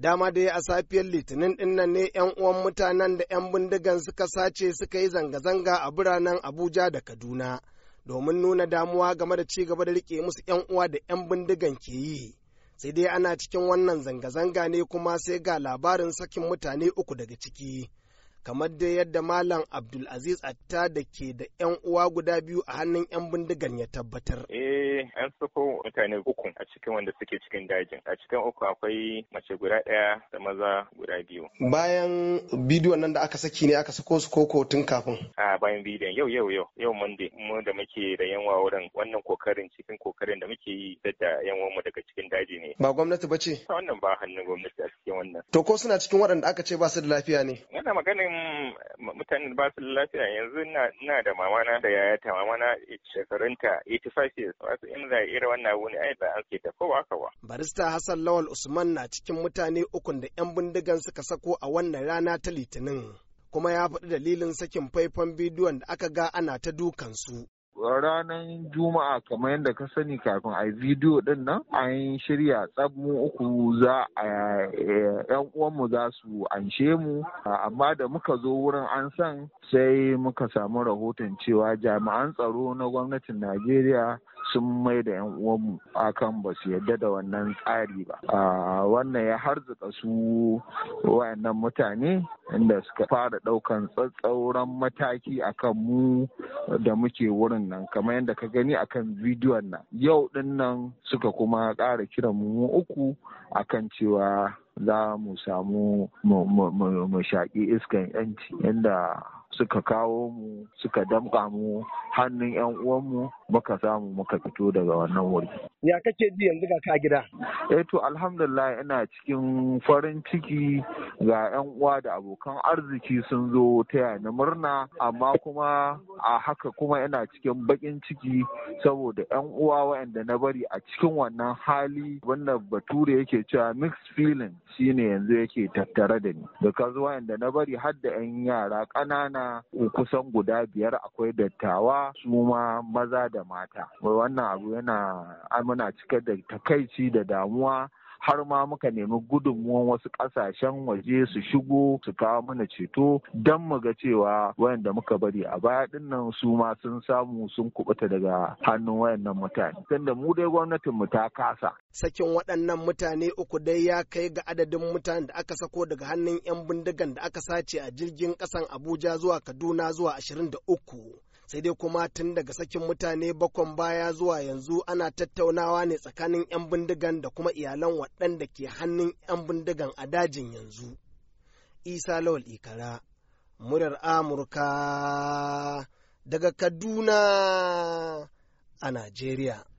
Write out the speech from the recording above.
dama dai a safiyar litinin dinnan ne 'yan uwan mutanen da 'yan bindigan suka sace suka yi zanga-zanga a biranen abuja da kaduna domin nuna damuwa game da ci gaba da rike musu 'yan uwa da 'yan bindigan ke yi sai dai ana cikin wannan zanga-zanga ne kuma sai ga labarin sakin mutane uku daga ciki kamar dai yadda Malam Abdulaziz Atta da ke da 'yan uwa guda biyu a hannun 'yan bindigan ya tabbatar. Eh, an sako mutane uku a cikin wanda suke cikin dajin. A cikin uku akwai mace guda ɗaya da maza guda biyu. Bayan bidiyon nan da aka saki ne aka sako su koko tun kafin. A bayan bidiyon yau yau yau yau Monday mu da muke da yan wurin wannan kokarin cikin kokarin da muke yi da yan mu daga cikin daji ne. Ba gwamnati ba ce? Wannan ba hannun gwamnati a cikin wannan. To ko suna cikin waɗanda aka ce ba su da lafiya ne? Yana maganin mutanen ba su lafiya yanzu na da mamana da yayata mamana ta 85 years wasu in za ira wannan abu ne ai ba an ta kowa kawa. Barista Hassan Lawal Usman na cikin mutane ukun da 'yan bindigan suka sako a wannan rana ta Litinin. Kuma ya faɗi dalilin sakin faifan bidiyon da aka ga ana ta dukansu. ranar juma'a kamar yadda ka sani kafin a bidiyo din nan an shirya tsab mu uku za a eh, yan uwanmu za su anshe mu amma da muka zo wurin an san sai muka samu rahoton cewa jami'an tsaro na gwamnatin najeriya sun mai da yan uwanmu kan ba su yarda da wannan tsari ba wannan ya harzuka su wayannan mutane inda suka fara daukan tsatsauran mataki akan mu da muke wurin nan kamar yadda ka gani akan bidiyon nan yau din nan suka kuma ƙara kiran mu uku akan cewa za mu samu mu shaƙi iskan yanci inda suka kawo mu suka damƙa mu hannun 'yan uwanmu muka samu muka fito daga wannan wuri. Ya kake ji yanzu ga ka gida? Eh to alhamdulillah ina cikin farin ciki ga 'yan uwa da abokan arziki sun zo ta ni murna amma kuma a haka kuma ina cikin bakin ciki saboda 'yan uwa waɗanda na bari a cikin wannan hali wannan bature yake cewa mixed feeling shine yanzu yake tattare da ni. Da ka zo waɗanda na bari har da 'yan yara ƙanana kusan guda biyar akwai dattawa su ma maza da da mata wannan abu yana muna cike da takaici da damuwa har ma muka nemi gudunmuwan wasu kasashen waje su shigo su kawo mana ceto don mu ga cewa wayanda muka bari a baya din nan su ma sun samu sun kubuta daga hannun wayannan mutane da mu dai gwamnatin mu ta kasa sakin waɗannan mutane uku dai ya kai ga adadin mutanen da aka sako daga hannun 'yan bindigan da aka sace a jirgin ƙasan abuja zuwa kaduna zuwa 23. sai dai kuma tun daga sakin mutane bakon baya zuwa yanzu ana tattaunawa ne tsakanin 'yan bindigan da kuma iyalan waɗanda ke hannun 'yan bindigan a dajin yanzu. Isa Lawal Ikara, murar Amurka daga Kaduna a Najeriya.